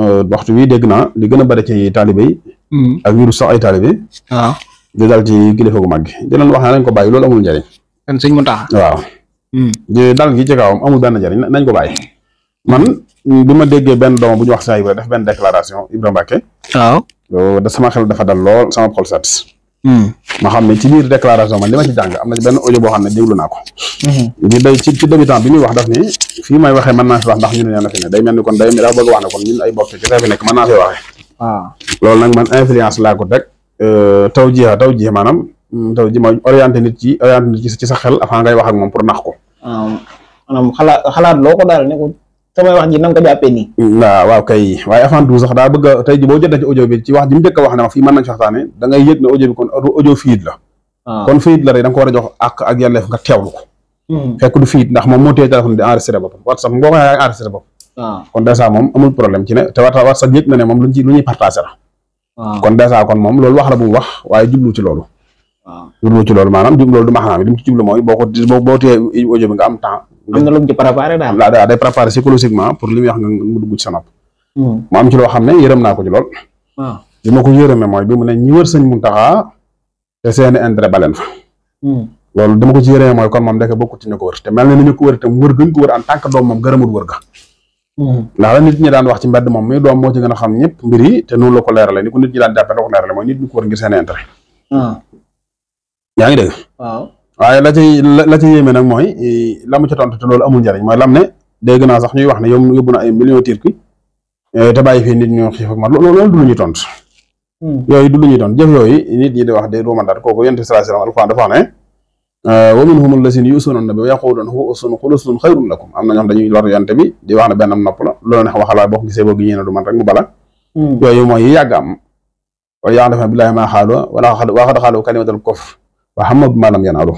Euh, waxtu wi dégg na li gën a bari ci taalibe yi. Hmm. ak ñu sax ay taalibe. waaw ah. di dal ci kilifa gu mag gi di leen wax ne nañ ko bàyyi loolu amul njariñ. kon sëñ mu tax waaw. Hmm. dal gi ci kawam amul benn njariñ nañ ko bàyyi. man bi ma déggee benn doomam bu ñu wax saa yu def benn déclaration Ibrahima Mbacké. waaw sama xel dafa dal lool sama xol sat Hmm. ma xam ne ci biir déclaration man li ma ci jàng am na benn audio ne déglu naa hmm. ci ci débutant wax daf ni fii may waxee mën naa fi wax ndax ñun ñoo na fi ne day mel ni kon day dafa bëgg wax ne kon ñun ay bopp ci fi nekk mën naa fi waxee. ci orienté nit ci sa xel avant ngay wax ak moom pour nax ko. Ah, xalaat xalaat daal ne samay wax ji na ko jàppee nii. waaw kay waaye avant tout sax daa bëgg a tey ji boo jotee ci audio bi wax ji mu njëkk a wax ne ma fii mën nañ ci waxtaane da ngay yëg ne audio bi la ah. kon fiit la nga ko war a jox ak ak hmm. fekk du fiit ndax moom mu téye téléphone di enregistré boppam whatsapp boo ko yaa ngi enregistré bopp ah. kon dèjà moom amul problème ci ne te wata whatsapp yëg na ne moom lu ñuy partagé la ah. kon dèjà kon moom loolu wax la bu mu wax waaye jublu ci loolu jublu ci loolu maanaam jublu loolu du maxanaam li mu ci mooy boo ko boo téye audio bi nga am temps am na lu mu ci préparé psychologiquement pour li nga mu dugg ci hmm. ci loo xam ne yërëm naa ko ci lool. waaw ah. li ma ko yërëmee mooy bi mu ne ñi wër sëñ Muntaxa te seeni intérêt baleen fa. Hmm. loolu dama ko ci yërëmee mooy kon moom ndeke bokkut ci ñu ko wër te mel na ni ñu ko wër itam wër gën ko wër en tant doom moom gërëmul wër ga. Hmm. ndax la nit ñi daan wax ci mbedd moom muy doom moo ci gën a xam ñëpp mbir yi te noonu la ko leerale ni ko nit ñi daan jàppee la ko leerale mooy waaye la cay la ca yéeme nag mooy la mu ca tontu te loolu amul njariñ mooy lam ne dégg naa sax ñuy wax ne yow yóbbu na ay million Turquie eh, te bàyyi fii nit ñu xiif ak mar loolu du lu ñuy tontu. Hmm. yooyu du lu ñuy tontu nit ñi di wax de doomandaat kooku yonent bi sallallahu alayhi wasallam alquran dafa ne eh, wa minhum allaziina yu'zuuna an-nabiyya wa yaquuluuna huwa uzun qul uzun xayrun lakum am na ñoo xam dañuy lor yonent bi di wax ne benn nopp la loolu neex waxalaa boo ko gisee boo gi ne mu bala hmm. yooyu mooy yi yàgg am wa ya'lamuuna billaahi wa laqad qaaluu wa xam bi maanaam yéen aadoo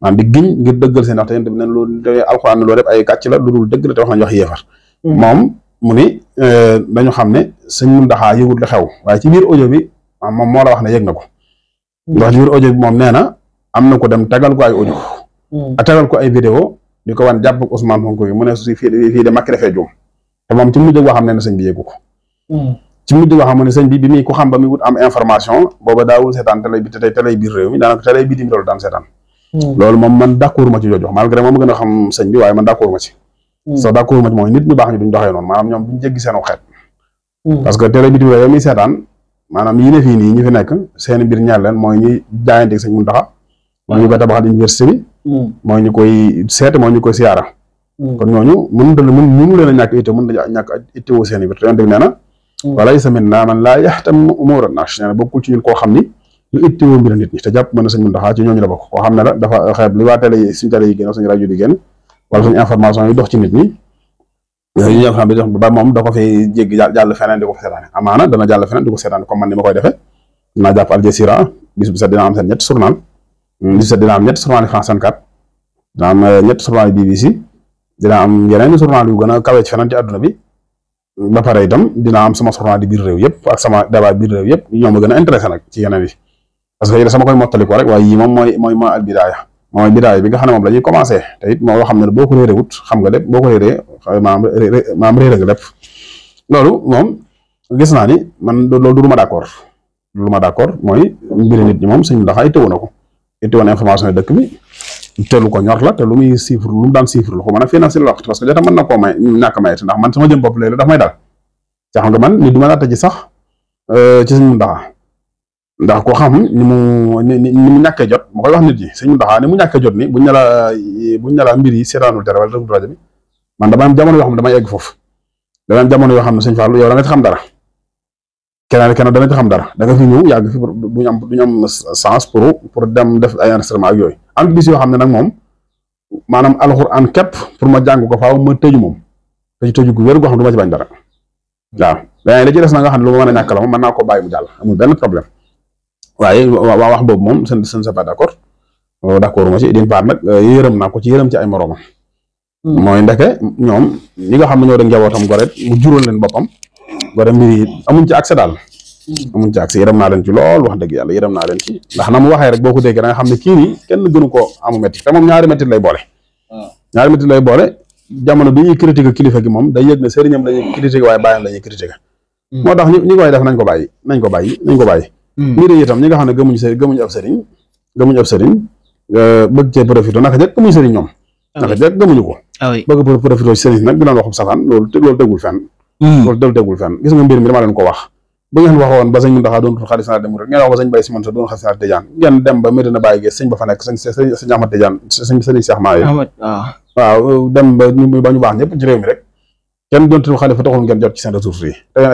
maanaam di giñ ngir dëggal seen wax te yéen ne loolu alxuraan loolu yëpp ay gàcc la dul dëgg la te wax hmm. moom mu ni eh, dañu xam ne sëñ Muntaxa yëgul la xew waaye ci biir audio bi ah, moom moola wax ne yëg na ko hmm. ndax ci biir moom nee na am na ko dem tagal ko ay audio hmm. a ah, tagal ko ay vidéo di ko wan jàpp Ousmane Sonko bi mu ne su fii fii de makki defee juum te moom ci mujj boo xam ne ne bi yëgu ko ci mujj nga xam ne sëñ bi bi muy ku xam ba muy wut am information booba daawul seetaan télé biir réew mi daanaka télé bitim loolu daan seetaan. Hmm. loolu moom man d'accord ma ci jooju malgré moom gën a xam sëñ bi waaye man d'accord ma ci. Hmm. sax d'accord ma nit ñu baax ñu duñ noonu maanaam ñu koy tabaxal université bi. Hmm. mooy ñu koy seet mooy ñu koy siyaara. kon ñooñu a mën mënu leen seen i te yoon nee na walaysa minna man laa na bokkul ci ñun koo xam ni na ci ñooñu la bokk xam ne la dafa xeeb li waa télé yi suñu télé yi génn suñu rajo di génn wala suñu information yi ci nit ñi xam ne dox ba moom da ko fi jéggi jàll feneen di ko fa dana jàll feneen di ko seetaane comme man ni ma koy defee dinaa jàpp Al Jazeera bis bu set am seen ñett journal mm, bis am ñett journal yi France eh, am yeneen journal yu gën a kawe ci feneen ci bi ba pare itam dina am sama soxnaa di biir réew yëpp ak sama débat biir réew yëpp ñoo ma gën a intéressé nag parce que ko rek waaye yii moom mooy mooy ma mooy bidaaya bi nga xam moom la ñuy commencé te it moom ne boo ko réeré wut xam nga lépp boo ko réeré maam maam réeré nga lépp loolu moom gis naa ni man loolu du ma d' lu ma d' accord mooy mbiri nit ñi moom suñu ndax ay teewoon na ko teewoon information yi dëkk bi. te ko ñor la te lu muy chiffre lu mu daan chiffre lu ko mën a financer la wax parce que jota mën na koo may ñàkk mayet ndax man sama jëm bopp léegi daf may daal ca ni ji sax euh, ci sëñ ndax ko xam ni mu ni mu ñàkkee jot ma koy wax nit ñi sëñ Muntaxa ni mu ñàkkee jot ni buñ ne la buñ ne la mbir yi seetaanul tere wala rajo bi man dama am jamono yoo xam ne damay egg foofu dama jamono yoo xam ne sëñ Fallou yow da nga ci xam dara keneen keneen dana ci xam dara da nga fi ñëw yàgg fi duñu am duñu am sens pour pour dem def ay enregistrement ak yooyu am bis yoo xam ne nag moom maanaam alxuraan képp pour ma jàng ko faaw ma tëju moom te ci tëju gu wér goo xam du ma ci bañ dara waaw mais la ci des na nga xam ne lu ma mën a ñàkk la moom mën ko bàyyi mu jàll amul benn problème waaye waa wax boob moom seen seen c'est pas d'accord euh, d'accord ma ci d'une part nag euh, yërëm naa ko ci yërëm ci ay moroomam. Hmm. mooy ndeke ñoom ñi nga xam ne ñoo doon njabootam gore mu jural leen boppam. gore mbir yi amuñ ci accès daal amuñ ci accès yërëm naa leen ci lool wax dëgg yàlla yërëm naa leen ci ndax na mu waxee rek boo ko déggee da nga xam ne kii nii kenn gënu ko amu métti te moom ñaari métti lay boole ah. ñaari lay boole jamono bi ñuy critiquer kilifa gi moom day yëg ne sëriñam lañuy critiquer waaye bàyyam lañuy critiquer hmm. moo tax ñu ñi koy def nañ ko bàyyi nañ ko ko bàyyi hmm. mbir yi itam ñi nga xam ne gëmuñ sëriñ gëmuñ ab sëriñ gëmuñ ab sëriñ bëgg cee profité naka jëkk gëmuñ sëriñ ñoom ah naka jëkk gëmuñu ko ah bëgg profité sëriñ nag di leen waxub safaan loolu loolu dëggul fenn Hmm. loolu dël dégul fenn gis nga mbir mi dama leen ko wax bu ngeen waxoon ba sëñ Muntaxa doon doon xaalis naa ngeen dem ba Medina Baye gis sëñ ba fa nekk ñëpp ci réew mi rek kenn doon tudd xaalis fa taxul ngeen seen ressources yi te ah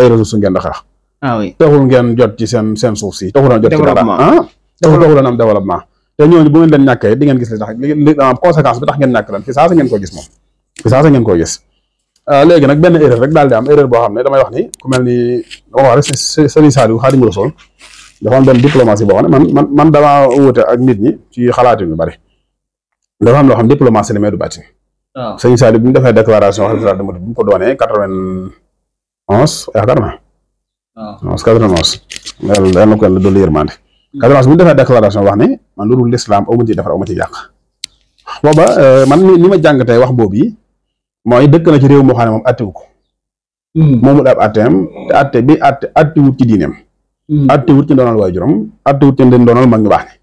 ah, te ñooñu bu ngeen leen ñàkkee di ngeen gis li tax conséquence bi tax ngeen ñàkk leen fi saasa ko gis ngeen ko gis Euh, léegi nag benn erreur rek daal di am erreur boo xam ne damay wax ni mel ni dama wax rek Serigne Saliou Khadimou Rassoul dafa am benn boo xam ne man man man damaa wuute ak nit ñi ci xalaatin yu bari dafa am xam diplomatie la mais du bàtti. waaw ah. Serigne Saliou bi mu defee déclaration xalifa bu mu ko doonee quatre vingt onze yaakaar naa. waaw ah. onze quatre vingt onze. ko yàlla dolli yërmande. quatre vingt onze bu wax ne man loolu lislaam aw ciy defar aw ma ciy yàq. booba euh, man ni ma jàng tey wax boobu yi. mooy dëkk na ci réew moo moom attewu ko hmm. moomul ab atteem te atte bi atte attewut ci diineem hmm. attewut ci ndoonal waajuram attewut ci ndoonal mag ñu baax ne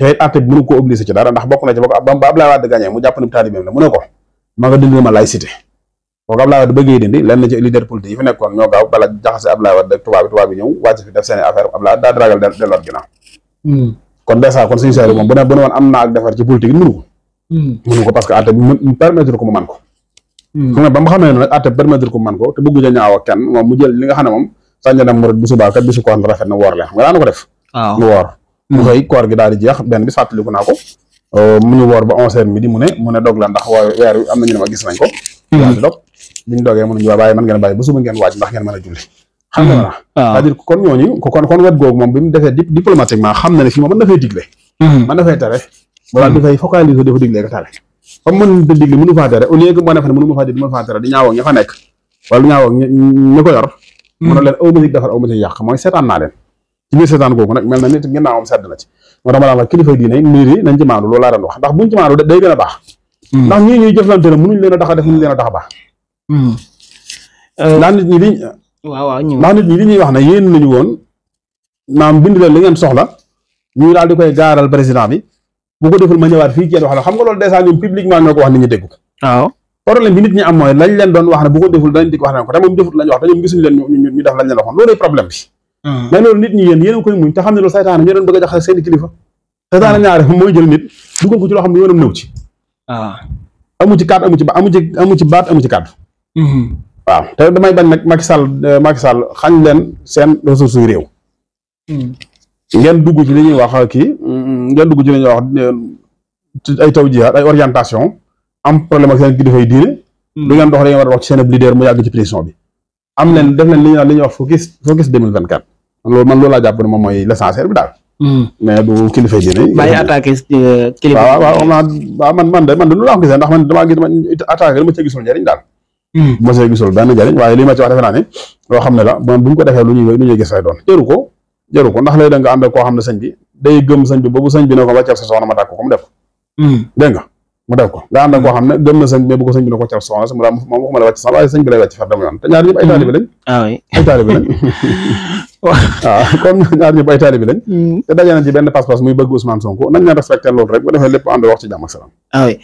te it atte bi mënu ko obligé ci dara ndax bokk na ci bokk ba Abdoulaye Wade gagné mu jàpp ne taalibeem la mu ne ko ma nga dindi ma laïcité kooku Abdoulaye Wade bëggee dindi lenn ci leader politique yi fi nekkoon ñoo gaaw bala jaxase Abdoulaye Wade ak tubaab bi tubaab ñëw wàcc fi def seen affaire Abdoulaye Wade daa dragal delluwaat ginnaaw hmm. kon dèjà kon suñu seeri man ko fu mm. ba mu xamee ne nag atte permettre ko man ko te bëggu ja na rafet na woor leen xam nga daana ko def mu woor mm. mu xëy koor gi daal di jeex benn bis fàttaliku naa ko euh, mu ñu woor ba onze heures mu ne mu ne dog la ndax weer wi am nañu ma gis nañ ko mm. daal di dog bi ñu dogee mu ne ñu waa ba suba ngeen waaj ndax ngeen mën a julli xam nga na cest kon ñooñu ko kon kon wet googu moom bi defee diplomatiquement xam na ne fii moom mën na fay digle mën na fay tere wala comme mën da digle mënu faa tere au lieu que moo ne fa nekk wala du ñaawoo ña ko yor mën hmm. na leen aw ma defar aw ma yàq mooy seetaan naa leen ci biir seetaan googu nag mel na nit ginnaawam sedd na ci moo tax ma daan wax wax ndax buñ a baax hmm. ndax ñii ñuy jëflante ne mënuñ leen a tax a def mënuñ leen a tax a baax hmm. euh, ndax nit ñi li ndax li ñuy wax ne yéen nañu woon naam bind leen li ngeen soxla ñuy daal di koy gaaral président bi boo ko deful ma ñëwaat fii kenn wax la xam nga loolu dèjà ñoom publiquement ñoo ko wax nit ñi dégg ko waaw problème bi nit ñi am mooy lañ leen doon wax ne bu ko deful dañ di wax ne ko te moom defut lañ wax te ñu def lañ leen waxoon loolu problème bi hmm. mais loolu nit ñi yéen yéen a koy muñ te xam ne loolu saytaane ñoo doon bëgg a jaxase seen kilifa saytaane hmm. ñaare mooy jël nit dugal ko ci loo xam ne yoonam nëw ci waaw ah. amu ci kàddu amu ci ba baat amu ci kàddu hmm. waaw te damay bañ nag Macky Sall Macky Sall xañ leen seen ressources réew ngeen dugg ci li ñuy wax kii ngeen dugg ci li ñuy wax ay taw jihaat ay orientation am problème ak seen kilifa yi diine du hmm. ngeen dox da ngeen war a dox ci seen leader mu yàgg ci prison bi am leen def leen li ñuy li ñuy wax focus focus 2024 loolu man loolu laa jàpp ne moom mooy l'essentiel bi daal hmm. mais du kilifa yi diine bàyyi attaqué euh, kilifa waaw waaw man waaw man man de man de loolu laa ko gisee ndax man damaa gis man attaqué ma cee gisul njëriñ daal hmm. ma cee gisul benn njëriñ waaye li ma ci wax defe naa ne loo xam ne la bu ñu ko defee lu ñuy lu ñuy gis lay doon jëru ko jaru ko ndax lay da nga ànd koo xam ne sëñ bi day gëm sëñ bi boobu sëñ bi ne ko wàccal sa soxna ma tàkk ko mu def hmm. dégg nga def ko nga ànd ak xam ne na sëñ bi mais bu ko sëñ bi ne ko lay wàcc far dama te ñaar ñëpp ay taalibi lañ ah ay ah, ay taalibi lañ hmm. te daje nañ ci benn pas-pas muy bëgg Ousmane Sonko nañ leen rek bu defee lépp ànd wax ci jàmm ak salaam ah